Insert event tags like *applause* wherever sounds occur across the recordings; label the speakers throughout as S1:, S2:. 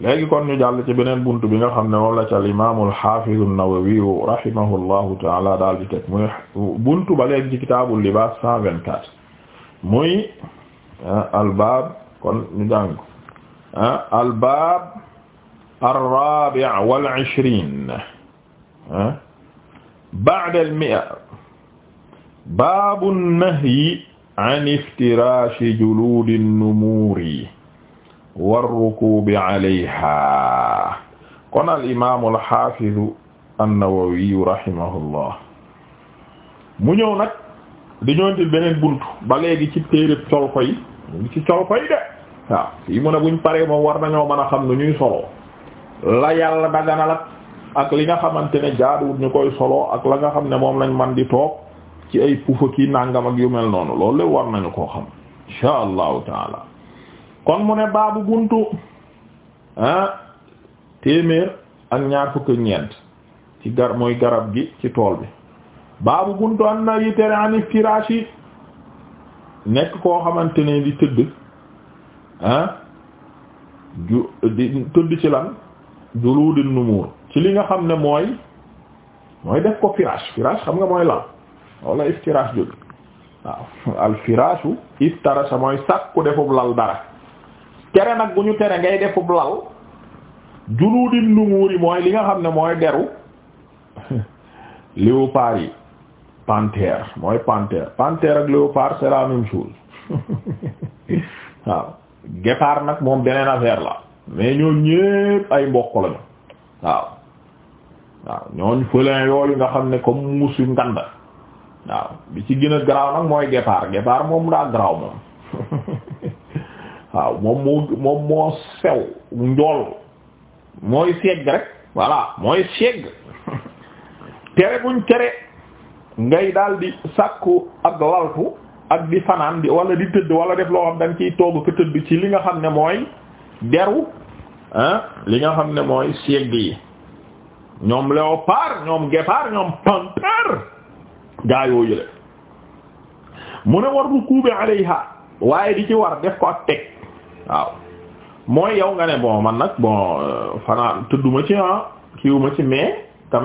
S1: léegi kon ñu jàll ci beneen buntu bi nga xam ne moom la ci al imam al hafiz an-Nawawi rahimahullahu taala daal di teg muy buntu ba léegi ci kitaabul libaas 124 muy ah, al baab kon ñu jàng ah, al baab ar-rabi' wal 'ishrin ah, ba'da al mi'a baabu an-nahyi 'an iftiraashi juluudi an-numuuri warrukubi alayha kon al imaamu al xaafidu an-Nawawi rahimahullah mu ñëw nag di ñëwantil beneen bunt ba léegi ci téeréb colko yi ci colko yi de waaw fii mu ne buñ paree moom war nañoo mën a xam nu ñuy soloo la yàlla daganal ak li nga xamante ne jaaduwut ñu koy soloo ak la nga xam ne moom lañ man di toog ci ay pufa kii nàngam ak yu mel noonu loolu war nañu koo xam insha allahu taala kon mu ne baabu buntu ah téeméer ak ñaar fukk ñeent ci gar mooy garab gi ci tool bi baabu buntu an na yi tere ani firaash yi nekk koo xamante ne di tëdd ah ju tëdd ci lan juluudi numuur ci li nga xam ne mooy mooy def ko firaash firaash xam nga mooy lal wala iftiraash jóg waaw al firaashu iftarasha mooy sàkku defub lal dara tere nag bu ñu tere ngay defub lal juluudin lumuur yi mooy li nga xam ne mooy deru léopard yi panthère mooy panthère panthère ak léopard c'est la même chose *laughs* waaw guépard nag moom beneen affaire la mais ñoom ñépp ay mbokk lañu waaw waaw ñooñ félin yooyu nga xam ne comme musu ngand waaw bi ci gën a garaaw nag mooy guépard guépard moom daa garaaw moom *laughs* waaw moom moo moom moo sew njool mooy segg rek voilà mooy segg *laughs* tere buñ tere ngay daal di sàkku ak laltu ak di fanaan di wala di tëdd wala def loo xam da nga ciy togg ko tëdd ci li nga xam ne mooy deru ah li nga xam ne mooy segg yi ñoom léopard ñoom guépard ñoom panthère gaa yoo yële mu ne war bu kuube alayha waaye di ci war def ko ak teg waaw mooy yow nga ne bon man nag bon euh, fanaan tëdduma ci ah kiiwuma ci mais quand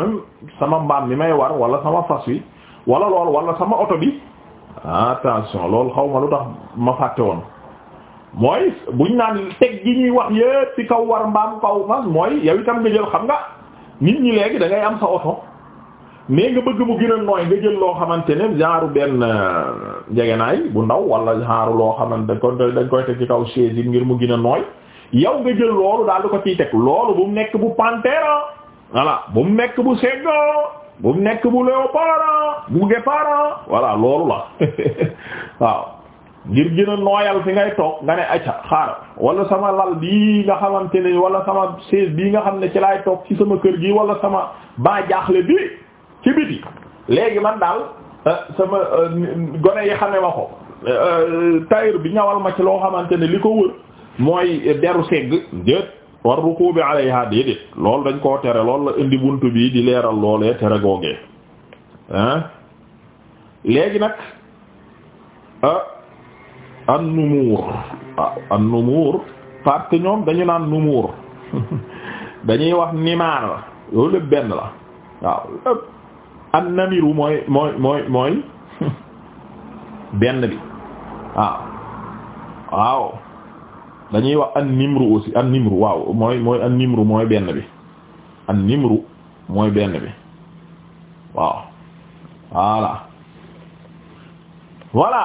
S1: sama mbaam mi may war wala sama fas wi wala lool wala sama oto bi attention loolu xaw ma lu tax ma fàtte woon mooy buñ naan teg gi ñuy wax yépp ci kaw war mbaam kaw fas mooy yow itam nga jël xam nga nit ñi léegi da ngay am sa oto mais nga bëgg mu gën a nooy nga jël loo xamante ne genre benn euh, njegenaay bu ndaw walla genre loo xamante dañ ko dañ koy teg ci kaw chaise ngir mu gina a nooy yow nga jël loolu daal di ko ciy teg loolu bu mu nekk bu panthère voilà bu mu nekk bu seggo bu mu nekk bu léopard bu guépard voilà loolu la *laughs* waaw ngir gën nooyal fi ngay toog nga ne acca xaar wala sama lal bii nga xamante ne wala sama chaise bii nga xam ne ci laay toog ci sama kër gi wala sama baa bi ci biti léegi man daal euh, sama euh, gone yi xame ma ko euh, bi ñawal ma ci loo xamante ne li ko wër mooy deru segg déet war rukubi alayha déedéet loolu dañ koo tere loolu la indi bunt bii di leeral loolee tere googee léegi nag ah an numuur waaw an numuur parce ñoom dañu naan numuur *laughs* dañuy wax nimaar la loolu lépp benn la waaw an mooy mooy *laughs* benn bi waaw waaw dañuy wax an nimru aussi waaw mooy mooy mooy benn bi an nimru mooy benn bi waaw voilà voilà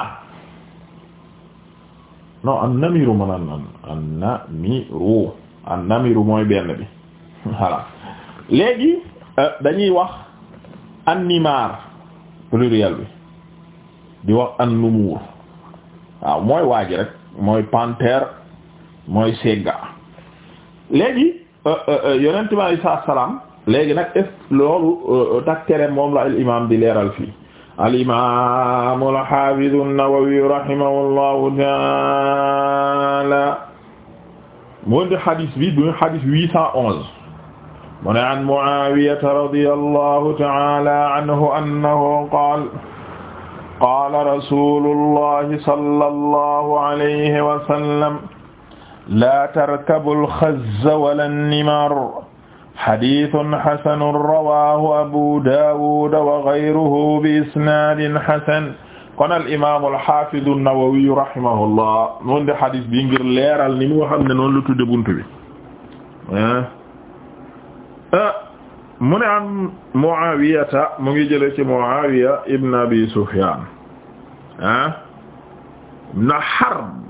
S1: non an man an an mooy benn bi *laughs* voilà léegi euh, dañuy wax an-nimaar pluriel bi di wax an-numuur mooy waaji rek mooy panthère mooy segga léegi euh, euh, euh, yonent bi alayhi salaatu salaam léegi nag est loolu tak tere moom la al di leeral fii al imam al hafiz an-Nawawi rahimahullahu taala moo di bi du hadis huit onze mu ne an Mu'aawiyata radiyallahu ta'ala anhu annahu qaala qaala rasuulullahi sallallahu alayhi wa sallam laa tarkabul xazza walan nimaar xadiisun xasanun rawaahu abu daawuda wa gayruhu bi isnaadin xasan kon al imaamu alxaafidu nawawiyu rahimahullah noonu de xadis bi ngir leeral ni mu xam ne noonu la tudde buntu bi Ah, mu ne am Muawiyata mu ngi jële ci Muawiya ibn Abi Sufyan ah ibn Harb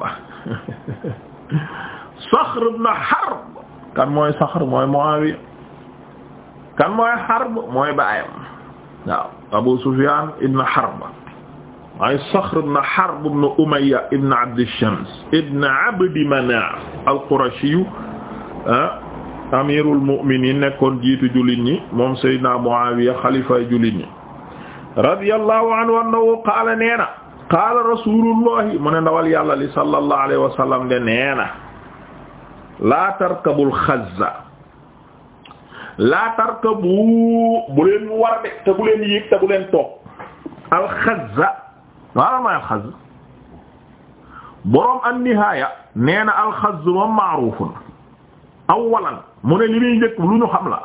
S1: *laughs* Saxr ibn Harb kan mooy Saxr mooy Muawiya kan mooy Harb mooy baayam waaw Abu Sufyan ibn Harb waaye Saxr ibn Harb ibn Umayya ibn Abd Shams ibn Abd Manaf al-Qurashi ah amirul mu'minin nekkoon jiitu jullit ñi moom Seydina Muawiya xalifa jullit ñi radiyallahu anhu annahu qaala neena qaala rasulullahi mu ne ndawal yàlla li sallallahu alayhi wa sallam de neena laa tarkabul xazza laa tarkabu bu leen war de te bu leen yéeg te bu leen toog alxazza waaw ma alxazz boroom an-nihaaya neena alxazz mu ne li muy njëkk lu ñu xam la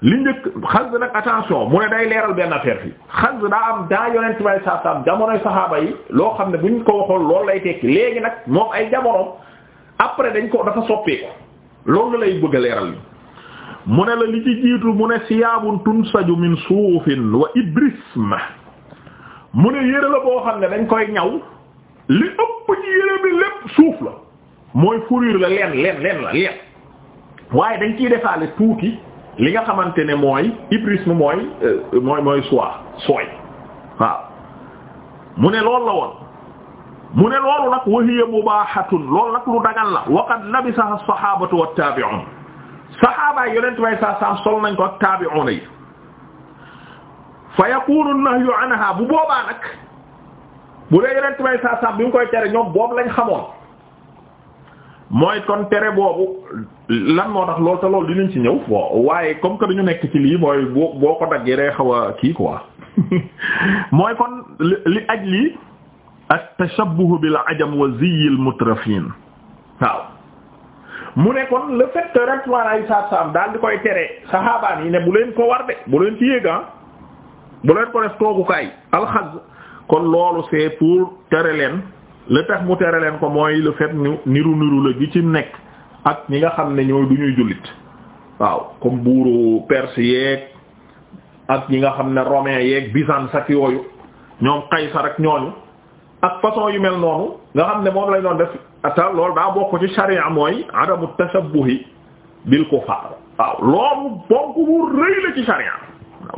S1: li njëkk xas nag attention mu ne day leeral benn affaire fi xas daa am daa yonent bi sallallahu jamonoy saxaaba yi loo xam ne buñ ko waxoon lool lay tekki léegi nag moom ay jamonoom après dañ ko dafa soppeeku loolu lay bëgg leeral li mu ne la li ci jiitu mu ne siyaabun tunsaju min suufin wa ibrisma mu ne yére la boo xam ne dañ koy ñaw li ëpp ci yére bi lépp suuf la mooy fourrure la leen leen leen la leen waaye dañ ciy defaale tuuti li nga xamante ne mooy ibrisme euh, mooy mooy soi soie sooy waaw mu ne loolu la woon mu ne loolu nag wa hiya mubahatun loolu nag lu dagal la wa qad labisaha as-sahabatu wat-tabi'un sahabaay yonent way sa sa sol nañ ko ak tabi'una yi fa yakunu an-nahyu bu boobaa nag bu dee yonent way sa sa bi ngi koy tere ñoom boobu lañ xamoon mooy kon tere boobu lan moo tax loolu te loolu dinañ ci ñëw bon waaye comme que dañu nekk ci lii mooy boo boo ko daggee day xaw a kii quoi *laughs* mooy kon li aj lii ak tashabbuh bil ajam wa ziyil mutrafin waaw mu ne kon le fait que rek ay saab saab daal di koy tere saxaabaan yi ne bu leen ko war de bu leen ci yéega ah, bu leen ko def toogukaay alxaz kon loolu c'est pour tere leen le tax mu tere leen ko mooy le fait ñu niru niru la gi ci nekk ak ñi nga xam ne ñooy du ñuy jullit waaw comme buuru perse yeeg ak ñi nga xam ne romain yeeg byzance ak yooyu ñoom Qaysar ak ñooñu ak façon yu mel noonu nga xam ne moom lañ doon def ata lool daa bokk ci sharia mooy adamu tashabbuhi bil kufaar waaw loolu bonk bu rëy la ci sharia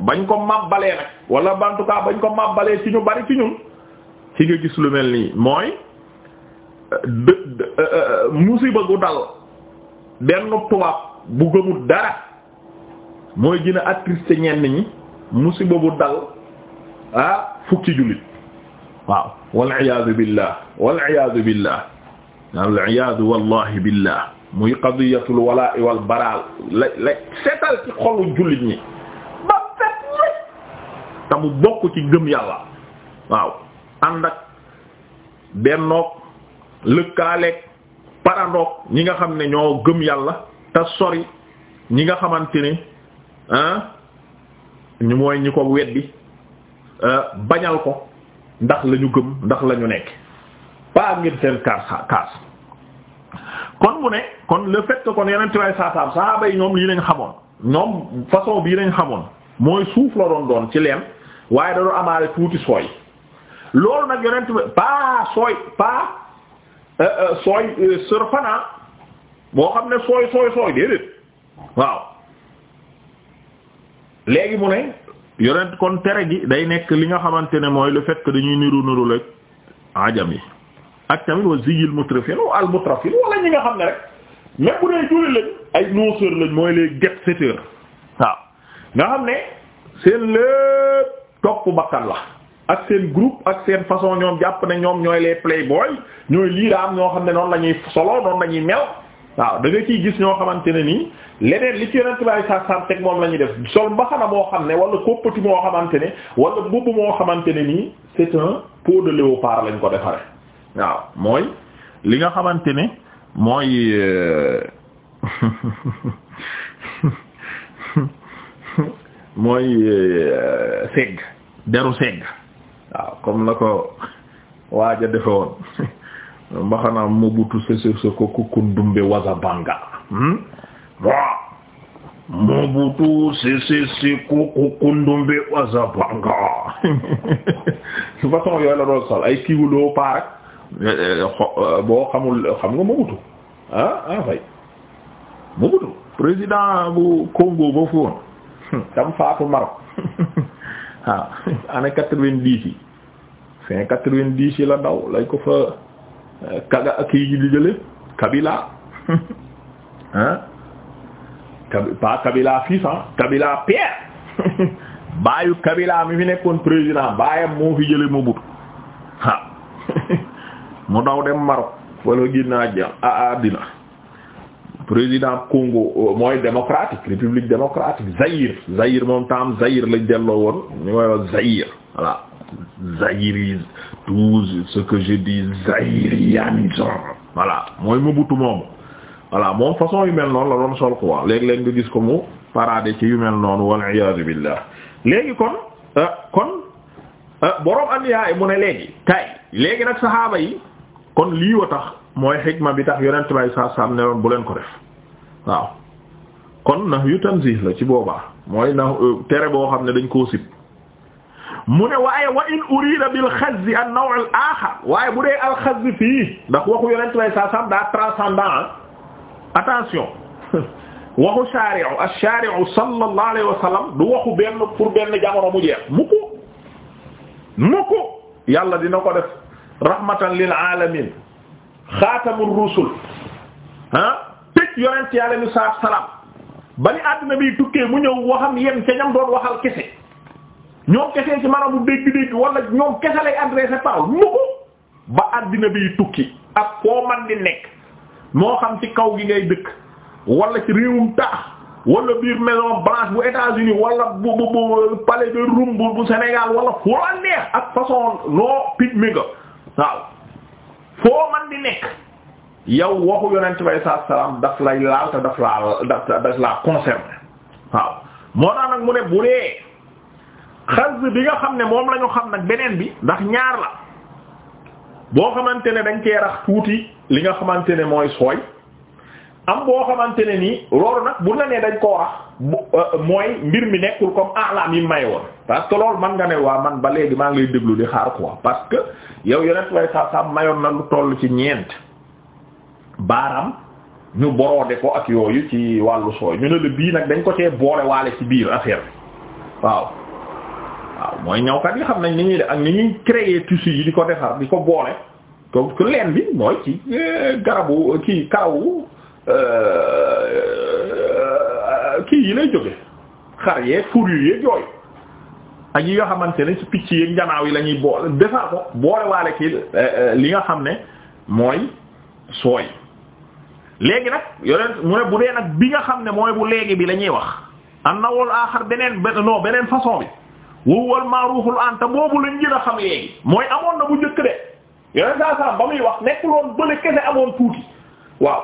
S1: bañ ko mabbalee nag wala en tout cas bañ ko mabbalee ci ñu bari ci ñun ci nga gis lu mel nii mooy dë euh, euh, musiba gu dal benn tubaab bu gëmul dara mooy gën a attristé ñenn ñi musiba bu dal ah, fukki jullit waaw wal iyaadu billah wal iyaadu billah wal iyaadu wallahi walaa wal baraal la la seetal ci xolu jullit ñi ba fet ñi te mu bokk ci gëm yàlla waaw ànd ak bennoog lëkkaaleeg ñi nga xam ne ñoo gëm yàlla te sori ñi nga xamante ni ah ñu mooy ñi ko weddi euh, bañal ko ndax lañu gëm ndax la ñu nekk pas ngir seen kaas kaas kon mu ne kon le fait que kon yeneen tubaab saasaam saaba yi ñoom lii lañ xamoon ñoom façon bii lañ xamoon mooy suuf la doon doon ci leen waaye da doon amaale tuuti sooy. loolu nag yonent bi pas sooy pas euh, euh, sooy euh, boo xam ne sooy sooy sooy déedéet waaw léegi mu ne yonent kon tere gi day nekk li nga xamante ne mooy le fait que dañuy niru niru rek ajam yi ak tamit wa ziyil mutrafin wa al mutrafin wala ñi nga xam ne rek même bu dee julli lañ ay noceurs lañ mooy les jet-setteurs waaw nga xam ne seen lépp topp bakkan la ak seen groupe ak seen façon ñoom jàpp ne ñoom ñooy les playboy ñooy lii am ñoo xam ne noonu la ñuy solo noonu la ñuy mel waaw da nga ciy gis ñoo xamante ne nii leneen li ci yonent bi sa sa teg moom la ñuy def sol mbaxana moo xam ne wala koppati moo xamante ne wala mbubb moo xamante ne nii c'est un pot de léopard lañ ko defaree waaw mooy li nga xamante ne mooy euh, *laughs* mooy euh, segg deru segg waaw comme na ko waaja defe woon *laughs* mbaxanaam mu butu sese se ko kukkun dumbe waza banga mu butu sese se ko kukkun dumbe waza banga su façon yooyu la doon sol ay kiiwu loo paarak eh, eh, eh, boo xamul xam nga mu butu ah ah mu butu président bu Congo ba fu woon *laughs* tam faatu Maroc *laughs* waaw année quatre-vingt-dix yi fin quatre la daw lañ ko fa euh, kaga kii ji di jële Kabila ah *laughs* pas Kabila fils ah Kabila père *laughs* baayu Kabila mi fi nekkoon président baayam moo fi jële Mobutu waaw *laughs* mu daw dem Maroc wala génn àddina président Congo euh, mooy démocratique république démocratique Zaïre Zaïre moom tam Zaïre lañ delloo woon ñu koy wax Zaïre voilà Zaïre tout ce que je dis zaïrianisme voilà mooy Mobutu moomu voilà moom façon yu mel noonu la doon sol quoi léeg-léeg nga gis ko mu parade ci yu mel noonu wal iyaazu billah léegi kon euh, kon euh, borom anbiya yi mu ne léegi kay léegi nag saxaaba yi kon lii wa mooy xikma bi tax yonent bay saa ne woon bu ko def waaw kon nax yu la ci booba mooy nax euh, tere boo xam ne dañ koo sib mu ne waaye wa in urida bil bu dee al xazzi fii ndax waxu yonent lay saa sam daa transcendant ah. attention *laughs* waxu shari'u al shari'u sallallahu alayhi waxu benn pour jamono mu jeex mu ko dina ko def rahmatan lil alamin xaatamur rusul ah. tëj yonent yàlla nu saab salaam ba ni àdduna bi tukkee mu ñëw waxam yem ca ñam doon waxal kese ñoom kese ci marabu dégg-dégg wala ñoom kese lay adressé parole mu ko ba àdduna bi tukki ak koo man di nekk moo xam ci kaw gi ngay dëkk wala ci réewum taax wala biir maison blanche bu États-Unis wala bu bu bu palais de Rumbourg bu Sénégal wala foo la neex ak façon noo picc mi waaw foo man di nekk. yow waxu yonent bay saa salaam daf lay laal te daf laa daf daf laa concerné waaw moo tax mu ne bu dee xas bi nga xam ne moom la xam nag beneen bi ndax ñaar la boo xamante ne dañ ko rax tuuti li nga xamante ne mooy sooy am boo xamante ne nii loolu nag bu la nee dañ koo rax euh, mooy mbir mi nekkul comme alam yi may woon parce loolu man nga ne waa man ba léegi maa ngi lay déglu di xaar quoi parce que yow yonent saa salaam mayoon na lu toll ci ñeent. baaraam ñu boroode ko ak yooyu ci wàllu sooy ñu ne la bii nag dañ ko cee boole waale ci biir affaire bi waaw waaw mooy ñawkat yi xam nañ ni ñuy ak ni ñuy créer tissu yi di ko defar di ko boole donc leen bi mooy ci euh, garabu ci karawu euh, kii yi lay jóge xar yeeg fur xamante ne ci picc yi la ñuy boole defar ko euh, li nga xam ne mooy sooy léegi nag yonent mu ne bu dee nag bi nga xam ne mooy bu léegi bi la ñuy wax an na wol aaxar beneen non beneen façon bi wowal maaruuful anta boobu lañ gën a xam léegi mooy amoon na bu njëkk de yonent saa saa ba muy wax nekkul woon bële kese amoon tuuti waaw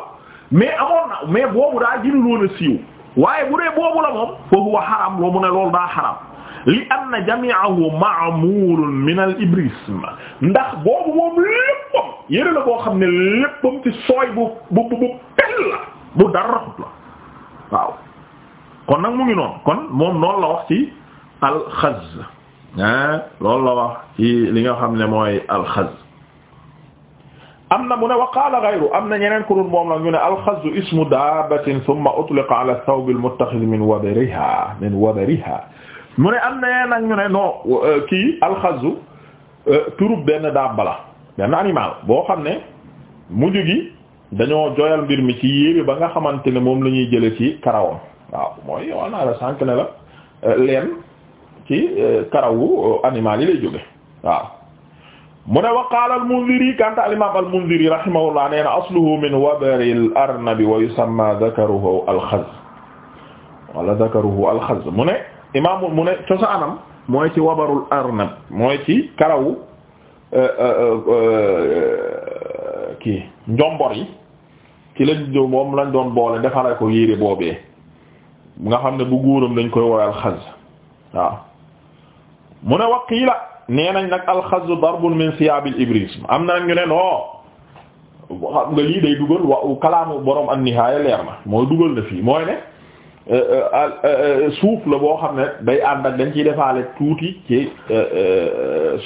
S1: mais amoon na mais boobu daa gënul woon a siiw waaye bu dee boobu la moom foofu wa xaram loo mu ne loolu daa xaram li anna jami'ahu ma'mulun min al ibrisme ndax boobu moom lépp yére la xam ne léppam ci sooy bu bu bu pel la la kon nag mu ngi noon kon moom noonu la wax ci alxaz ah loolu la wax ci li nga xam ne mooy alxaz am na mu ne wa qaala ghayru am na ñeneen ku dul moom la ñu ne alxazu ismu daabatin thumma utliqa ala thawb almuttaxid min mu ne am na ñeneen nag ñu ne non kii alxazu euh, turub benn daaba la benn animal boo xam ne mujj gi dañoo joyal mbir mi ci yéebe ba nga xamante ne moom la ñuy jële ci karawam waaw mooy wax naa la sànq ne la euh, leen ci euh, karawu euh, animal yi jóge waaw mu ne wa qaala al-Mundhiri kanta al asluhu min wabari al-arnabi wa yusamma dhakaruhu al imam mu ne cosaanam mooy ci wabarul arnab mooy ci karawu Euh, euh, euh, kii njombor yi ci lañ ñëw moom lañ doon boole defaral ko yére boobee nga xam ne bu góoram lañ koy woowee alxaz waaw mu ne waqiila nee nañ nag alxaz darbun min siyaabil ibris am na ñu ne non nga lii day dugal wa kalaamu borom am nihaaya leer na mooy dugal na fii mooy ne suuf la boo xam ne day ànd ak dañ ciy defaale tuuti ci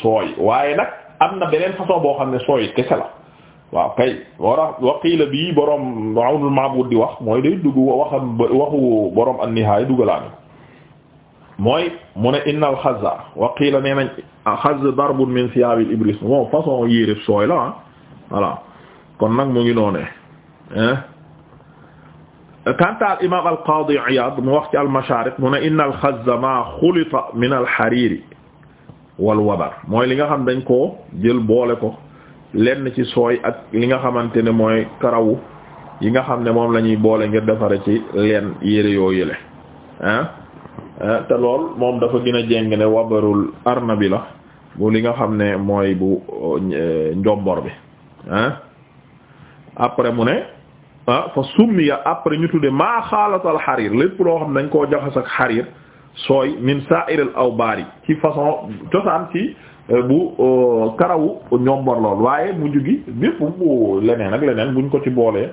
S1: sooy waaye nag. am na beneen façon boo xam ne sooy kese la waaw kay wara waqiila bii borom Awnul Ma'bud di wax mooy day dugg waxam waxu borom an-Nihaaya dugalaani mooy mu ne innal xaza waqiila nee nañ xaz darbun min siyaabil ibris moom façon yéeré sooy la ah voilà kon nag mu ngi noonee hein kanta al imaam al qaadi Iyaad mu wax ci al mashaariq mu ne innal xaza maa xulita min al xariiri wal wabar mooy li nga xam dañ koo jël boole ko lenn ci sooy ak li nga xamante ne mooy karawu yi nga xam ne moom lañuy ñuy boole ngir defare ci leen yére yoo yële ah, ah te lool moom dafa gën a jéng ne wabarul arnabi la bu li nga xam ne mooy bu uh, uh, njombor bi ah après mu ne ah fa summiya après ñu tudde maa xaalatal xariir lépp loo xam dañ koo jaxas ak xariir sooy min sa'iril awbaari ci façon cosaan ci euh, bu euh, karawu ñombor lool waaye mujj gi bépp bu leneen ak leneen buñ ko ci boolee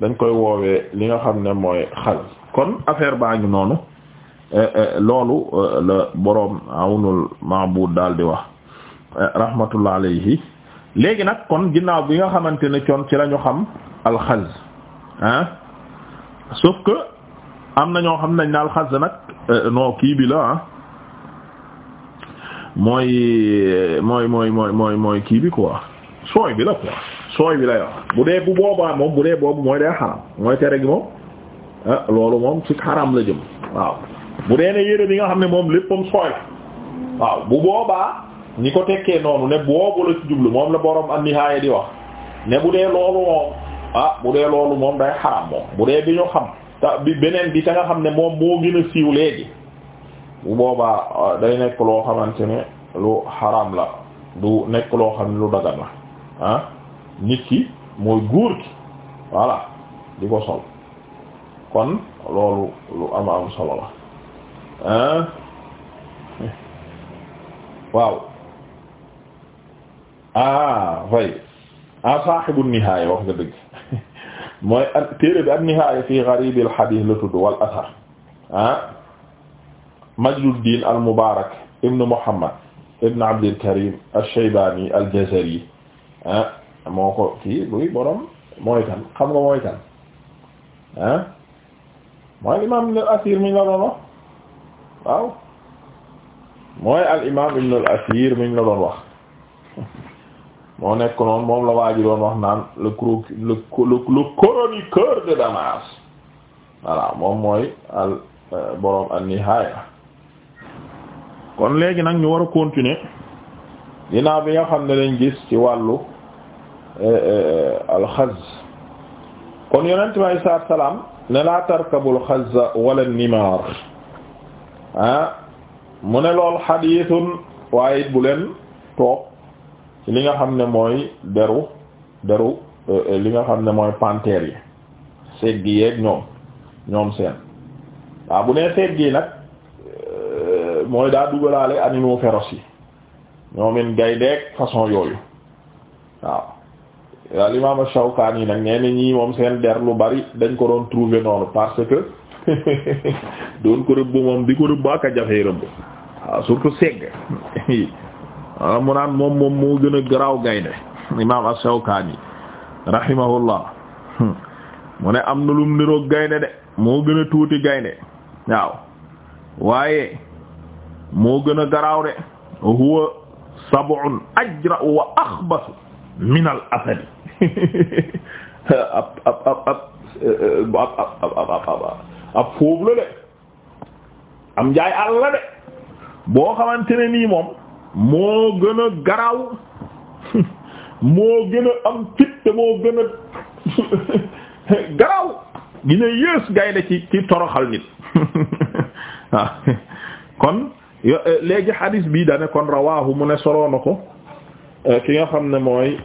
S1: dañ koy woowee li nga xam ne mooy xal kon affaire baa ngi noonu euh, loolu la boroom awnul ma'bud daal di wax rahmatullah alayhi léegi nag kon ginnaaw bi nga xamante ne coon ci lañu xam alxaz ah sauf que am na ñoo xam nañ naal xas nag euh, non kii bi la ah mooy mooy mooy mooy mooy mooy kii bi quoi sooy bi la quoi sooy bi la yor bu dee bu boobaa moom bu dee boobu mooy day xaram moom ah, loolu moom ci la jëm waaw bu dee ne yére bi nga xam ne moom lépp léppam sooy waaw bu boobaa ni ko tekkee noonu ne boobu la ci jublu moom la borom a nihaaya di wax ne bu dee loolu moom ah bu dee loolu moom day xaram moom bu dee bi ñu xam. ta bi beneen bi ta nga xam ne moom moo gën a siiw léegi bu boobaa euh, day nekk loo xamante ne lu xaram la du nekk loo xam ne lu dagan la ah nit ki mooy góor ki voilà di ko sol kon loolu lu am am solo la ah *laughs* waaw ah way a ah, saaxibu wax nga dëgg *laughs* mooy téere bi an-Nihaaya fi Gharib al-Hadith la tudd wal athar ah Majduddin al-Mubarak ibn Muhammad ibn Abdil Karim al-Shaybani al-Jazari ah moo ko kii buy borom mooy kan xam nga mooy kan ah mooy imaam ibn al-Athir mi la doon wax waaw mooy al imaam ibn al-Athir mi la doon wax. moo nekk noonu moom la waa ji doon wax naan le cro le de Damas voilà moom mooy al euh, boroom an-Nihaaya kon léegi nag ñu war a continuer ginnaaw bi nga xam ne lañ gis ci wàllu euh, euh, alxaz kon yonent bi alei salaam ne laa tarkabul xazza wala nimaar ah, mu ne lool xadiisun waaye bu leen toog ci li nga xam ne mooy deru deru euh, li nga xam ne mooy panthère yi segg yeeg ñoom ñoom seen waaw bu nee segg yi nag euh, mooy daa dugalaale animaux féroces yi ñoomin gayndeeg façon yooyu waaw al imam Shawkaani nag nee na ñii moom seen der lu bari dañ ko doon trouver noonu parce que *laughs* doon ko rëbb moom di ko rëbb ak a jafee rëbb waaw surtout segg *laughs* Ah, mu naan moom moom moo gën garaaw gaynde imaam as-Shawkaani rahimahullah hmm. mu ne am na lum gaynde de moo gën a tuuti gaynde waaw waaye moo gën a garaaw de huwa sab'un ajra wa axbasu min al asadi ab ab de am njaay àll de boo xamante nii moom moo gën a garaaw moo gën a am fit te moo gën a garaaw gina yées gaynde ci toroxal nit *laughs* waaw kon eh, léegi hadis bii dane kon rawahu mu ne soloo na ko eh, ki nga xam ne mooy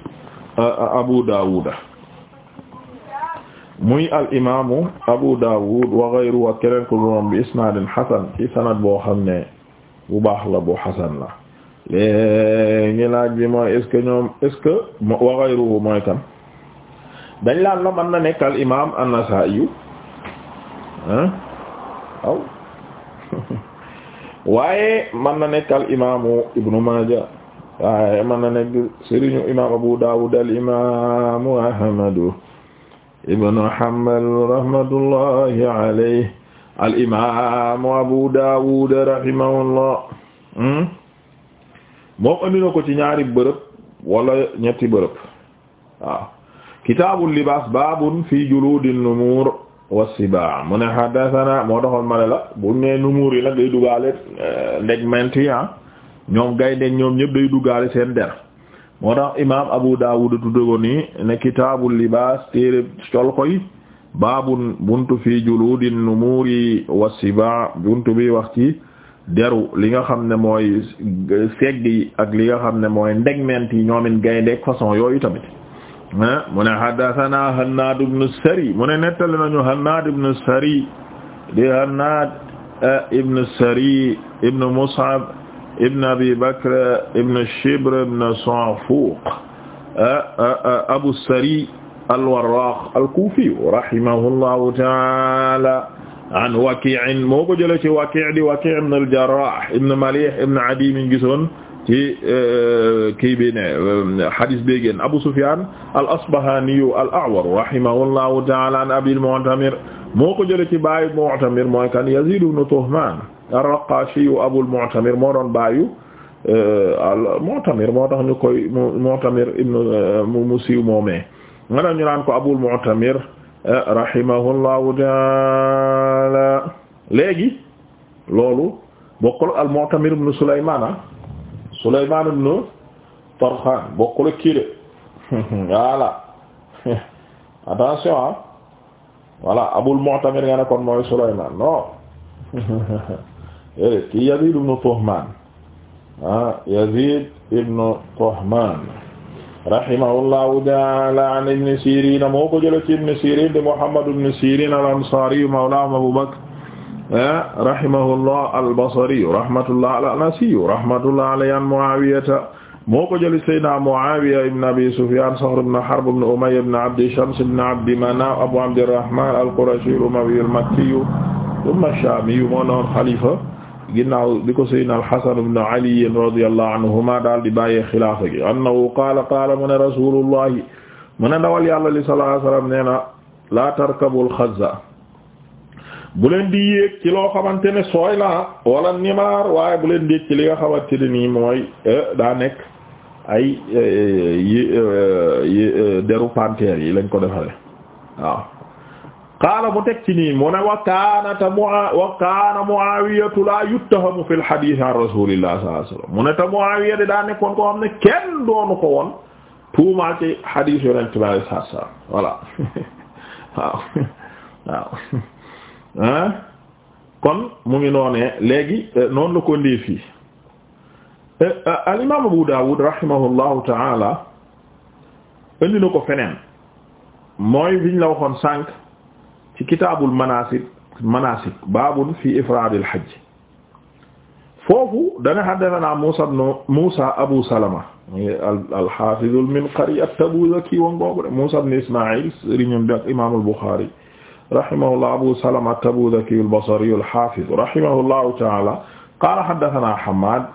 S1: eh, Abu Dawud muy al imaamu Abu Dawud wa ghayru wa keneen ko doon bi isnaadin hasan ci sanad boo xam ne bu baax la bu hasan la léegi laaj bi mooy est-ce que ñoom mooy kan dañ laan la mën na nekk al imaam an-Nasaa'i ah *laughs* waaw na nekk al imaamu Ibnu Maaja waaye mën na nekk Abu Daawud al imaamu Ahmadu Ibnu Hanbal rahmatullahi al imaamu Abu Daawud rahimahullah hmm? moom andi na ko ci ñaari bërëb wala ñetti bërëb waaw kitaabul libaas baabun fi juluudin numuur wasibaa mu ne hadathana moo taxoon ma la bu ne numuur yi nag day duggaale eh, ndeg menti ah ñoom gaynde ñoom ñëpp day duggaale seen der moo tax imaam Abu Daawud tudde ko nii ne kitaabul libaas téere col koy baabun buntu fi juluudin numuur wasibaa buntu bi wax ci deru li nga xam ne mooy segg ak li nga xam ne mooy ndegment yi ñoomin gayndeek façon yooyu tamit mu ne haddathana Hannad ibn Sari mu ne nettali nañu Hannad ibn Sari di Hannad eh, ibn Sari ibn Mus'ab ibn Abi Bakr ibn Shibr ibn Sa'fuq eh, eh, Abu Sari al-Warraq al-Kufi ta'ala an Waki'in moo ko jëlee ci Waki' di Waki' ibn al-Jarrah ibn Malih ibn Adi mi ngi gisoon ci euh, kii bi ne euh, hadis bi génn Abu Sufyan al-Asbahani al-A'war rahimahullahu ta'ala an Abi al-Mu'tamir moo ko jëlee ci baayu Mu'tamir mooy kan Yazid ibn Tuhman ar-Raqashi Abu al-Mu'tamir moo doon baayu euh, al-Mu'tamir moo tax ñu koy Mu'tamir ibn mu siiw moomee nga ñu naan ko Abu al-Mu'tamir rahimahullahu ta'ala léegi loolu bokkul al Mu'tamir ibn Sulaymaan Sulaymaan ibn Tarxaan bokkul ak kii de *laughs* voilà *laughs* attention ah voilà Abul Mu'tamir nga ne kon mooy Sulaymaan non *laughs* déedéet kii Yaziid ibn Tuhmaan ah Yaziid ibn Sirin moo ko jëlee ci ibn Sirin de Muhammad ibn Sirin al-Ansari mawlaahum Abu Bakr Eh, rahimahullah al-Basri rahmatullah al-Anasi rahmatullah alayhi an Muawiyata moo ko jëli Seydina Muawiya ibn Abi Sufyan Saxr ibn Harb ibn Umayya ibn Abdi Shams ibn Abdi Manaf Abu Abdirrahman al-Qurashi al-Umawi al-Makki thumma ash-Shami moo noon xalifa ginnaaw di ko Seydina al-Hasan ibn Ali radiyallahu anhuma daal di bàyyee xilaafa gi annahu qaala qaala mu ne Rasulullah mu ne ndawal yàlla li sallallahu alayhi wa sallam nee na laa tarkabul xazza bu leen di yéeg ci xamante ne sooy la wala nimaar waaye bu leen di yéeg ci li nga xamante ne nii mooy euh, daa nekk ay euh, euh, deru panthère yi lañ ko defare waaw qaala mu teg mu ne wa kaanata mu wa kaana Muawiyatu laa yuttahamu fil hadiis an Rasuulillah sallallahu mu ne te Muawiya de daa nekkoon koo xam ne kenn doonu ko woon tuumaal ci hadiis Yonent bi sallallahu alayhi wa sallam voilà *laughs* waaw *laughs* ah kon mu ngi noone léegi euh, noonu la ko ndee fii euh, euh, al imaam Abu Dawud rahimahullahu taala indi na ko feneen mooy biñ la waxoon sànq ci kitaabul manasik manasik baabun fi ifraadil hajj foofu dana haddathana Musa ibn Musa Abu Salama al-Hafiz al-Minqari at-Tabuzaki wa ngoogu de Musa ibn Ismaïl sëriñam bi ak imaamul rahimahullah abu salama at-tabuzaki al-basri al-hafiz rahimahullahu ta'ala qala haddathana hamad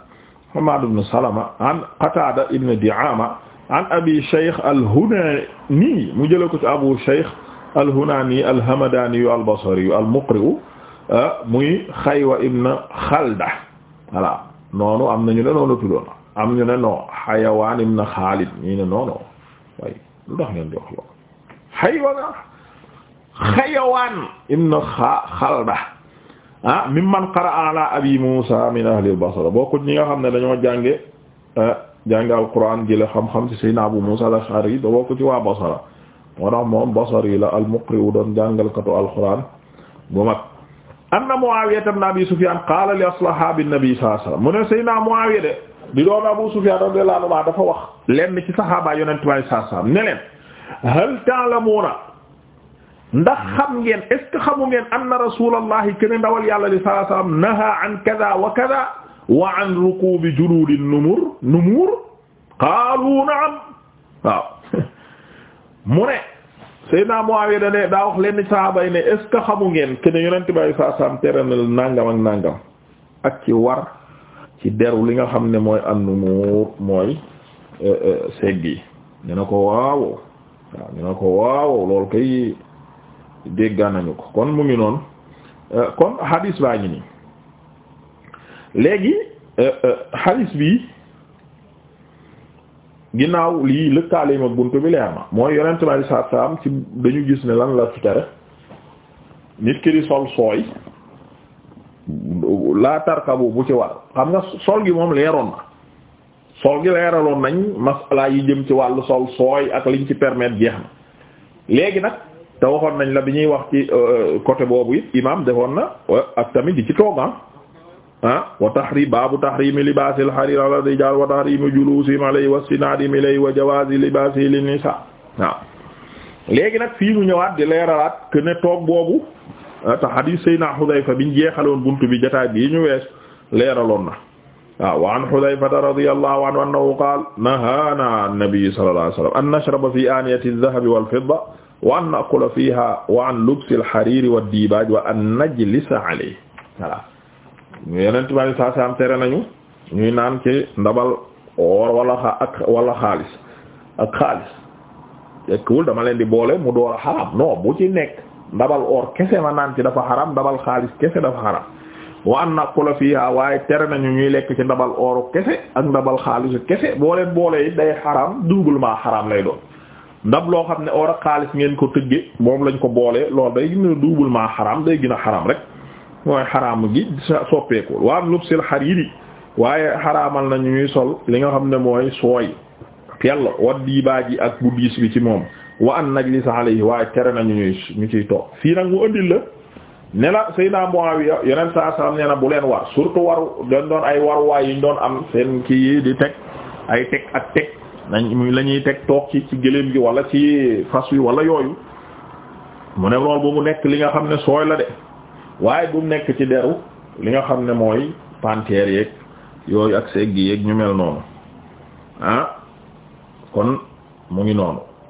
S1: hamad ibn salama an qatada ibn di'ama an abi shaykh al-hunani mu jële ko ci abu shaykh al-hunani al-hamadani al-basri al-muqri ah, muy xaywa ibn xalda voilà noonu am nañu ne noonu tuddoon am ñu ne non xayawaan ibn xaalid ñii ne noono way lu tax ngeen jox lool xaywa xayawaan ibn xalda ah mimman qara'a ala abi musa min ahli basra bokku ñi nga xam ne dañoo jànge eh, jànge alquran jële xam-xam ci sayna abu musa al-ash'ari da bokku ci waa basra moo tax moom la al-muqri wu doon jàngalkatu alquran bu mag anna muawiya ibn abi sufyan qala li ashabi nabi sallallahu alayhi wasallam mu ne sayna muawiya de di doon abu sufyan radiyallahu anhu dafa wax lenn ci sahaaba yonent bi sallallahu alayhi wasallam ne leen hal ta'lamuna ndax xam ngeen est ce que xamu ngeen anna kene ndawal yàlla li sallallahu alayhi wasallam naha an kada wa kada wa an rukubi juludi numur numur qaalu na'am waaw *laughs* mu daa wax leen sahaaba yi ne est xamu ngeen kene yonent bi sallallahu alayhi wasallam tere na nangam ak nangam ak ci war ci deru li nga xam ne mooy an numur mooy euh, euh, segg yi ñu ne ko lool kay dégga nañu ko kon mu ngi noon euh, kon hadis baa ngi nii léegi euh, euh, hadis bi ginnaaw lii lëkkaale ma bunt bi leer na mooy yonent bi alayhi salaatu salaam ci dañu gis ne lan la tere nit ki di sol sooy laa tarkabu bu ci war xam nga sol gi moom leeroon na sol gi leeraloon nañ masala yi jëm ci wàllu sol sooy ak liñ ci permettre jeex na léegi nag te waxoon nañ la bi ñuy wax ci euh, côté boobu it imaam defoon na ak tamit di ci tooga ah. ah wa tahrim baabu tahrimi libaasi alharir ala rijal wa tahrimi juluusihim alayhi wa istinaadihim ilayhi wa jawaazi libaasi lin nisaa waaw léegi nag fii mu ñëwaat di leeralaat que ne toog boobu ah, te hadith sayna Hudayfa biñ jeexaloon buntu bi jotaay bii ñu wees leeraloon na waaw wa an Hudayfata radiyallahu anhu annahu qaala nahaana an-nabi sallallahu alayhi wa sallam an nashraba fi aaniyati adh-dhahabi wal-fidda wa an naqula fiha wa an lubsi alxariri wa dibaaj wa an najlisa alay voilà yenent ma ni saa saam tere nañu ñuy naan ci ndabal or wala xa ak xaalis ak xaalis dama leen di boole mu door xaram non bu ci nekk ndabal or kese ma naan ci dafa xaram ndabal xaalis kese dafa xaram wa an naqula fiha waaye tere nañu ñuy lekk ci ndabal or kese ak ndabal xaalis kese boo leen boole it day xaram doublement xaram lay doon ndax loo xam ne or ak xaalis ngeen ko tëgge moom lañ ko boolee loolu day gën a doublement xaram day gën a xaram rek mooy xaram gi soppeeku waa lubsil xariiri waaye xaraamal nañu ñuy sol li nga xam ne mooy sooy pell wat diibaaji ak bu diis ci moom wa an najlisa alayhi waaye tere nañu ñuy ñu ciy toog fii nag mu ëndil la ne la Seydina Muawiya yeneen saa salaam nee na bu leen war surtout waru dañ doon ay waruwaay yi ñu doon am seen kii di teg ay teg ak teg nañ la lañuy teg toog ci ci gëléem gi wala ci fas wi wala yooyu mu ne lool bu mu nekk li nga xam ne sooy la de waaye bu nekk ci deru li nga xam ne mooy panthère yeeg yooyu ak segg yeeg ñu mel noonu ah kon mu ngi noonu